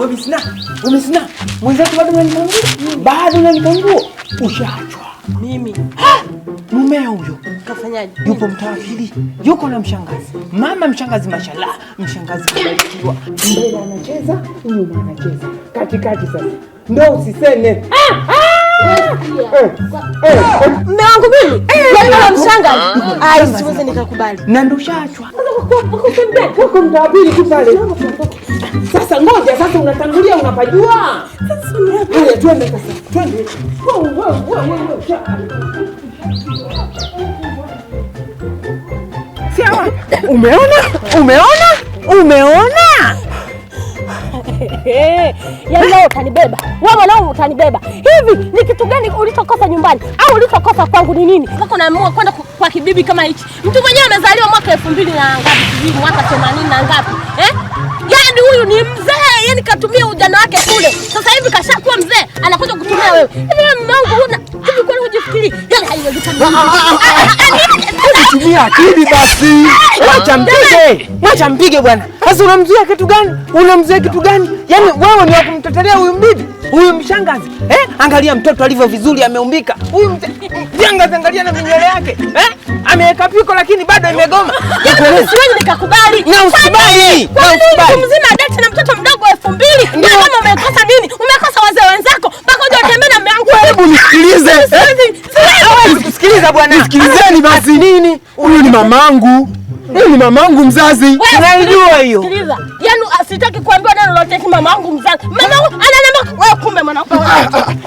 Wemsina, wemsina, mwenzako bado unanika nguo, bado unanika ushaachwa mimi. Mumeo huyo kafanyaje? Yupo mtaa pili, yuko na mshangazi. Mama mshangazi, mashallah, mshangazi kubarikiwa. Mbele anacheza, nyuma anacheza, katikati sasa ndo usiseme. Ah, ah! Eh, eh, eh. Mume wangu mganga, siwezi nikakubali. Na ndo sasa. Ngoja sasa, unatangulia unapajua. Haya, twende sasa, twende. Umeona, umeona, umeona ya yaani leo utanibeba wewe, leo utanibeba hivi. Ni kitu gani ulichokosa nyumbani au ulichokosa kwangu ni nini mpaka naamua kwenda kwa kibibi kama hichi? Mtu mwenyewe amezaliwa mwaka elfu mbili na ngapi sijui mwaka themanini na ngapi eh? Yaani huyu ni mzee, yaani katumia ujana wake kule, sasa hivi kashakuwa mzee, anakuja kutumia wewe hivi. Tumia akili basi, wacha mpige, wacha mpige bwana. Sasa unamzuia kitu gani? Unamzuia kitu gani? Yaani wewe ni wa kumtetelea huyu mbibi, huyu mshangazi eh? Angalia mtoto alivyo vizuri, ameumbika huyu mshangazi, angalia na minywele yake eh? Ameweka piko lakini bado imegoma. Yaani siwezi nikakubali. Na usikubali. Na usikubali. Mzima adati na mtoto mdogo elfu mbili. Ndio kama umekosa nini? Umekosa wazee wenzako mpaka uje utembee na mume wangu. Hebu nisikilize. Sikiliza bwana. Nisikilizeni ah, basi. Nini? Huyu ni mamangu. Huyu ni mamangu mzazi. Unaijua hiyo? Sikiliza. Yaani ah, sitaki kuambiwa neno lolote kwa mamangu mzazi. Mamangu ananiambia wewe kumbe mwanangu.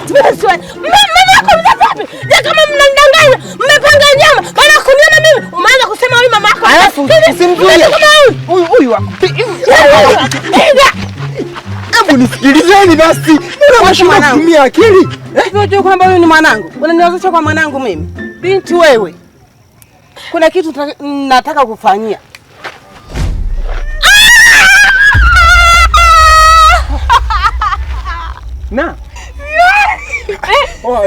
Mimi siwe. Mama yako mzazi wapi? Ya kama mnanidanganya, mmepanga njama bana kuniona mimi. Umeanza kusema wewe mama yako. Alafu simjui. Huyu huyu wako. Hebu nisikilizeni basi. Mnashindwa kutumia akili. Hivi unajua kwamba huyu ni mwanangu? Unaniwazisha kwa mwanangu mimi? Binti wewe, kuna kitu nataka kufanyia. Na oh,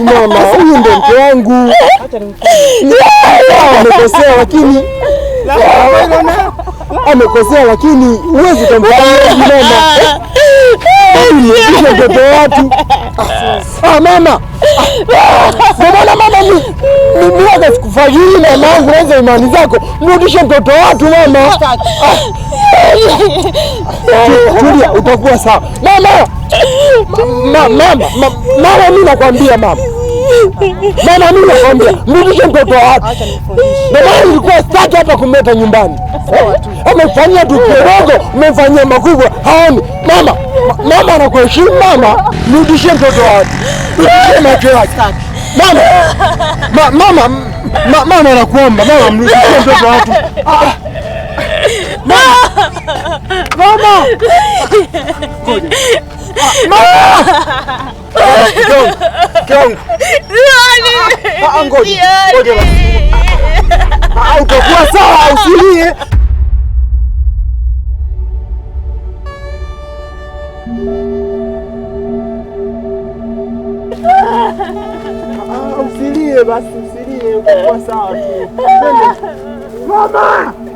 mama, huyu ndo mke wangu, amekosea lakini amekosea, lakini huwezi kumpa mama Ulisha mtoto watu. Ah, mama. Ndio mama mimi mimi sikufajiri na mamangu naweza imani zako. Mrudishe mtoto watu mama. Ah. Julia, utakuwa sawa. Mama. Mama, mama, mama mimi nakwambia mama. Mama mimi nakwambia, mrudishe mtoto watu. Ndio maana sitaki hata kumleta nyumbani. Amefanyia tu kidogo, umemfanyia makubwa. Haoni. Mama mama anakuheshimu mama, mrudishie mtoto wake, mrudishie macho yake mama, mama, mama anakuomba mama, mrudishie mtoto wake mama, Mama, ngoja, utakuwa sawa, usilie Ah, usilie basi, usilie, utakuwa sawa tu. Mama!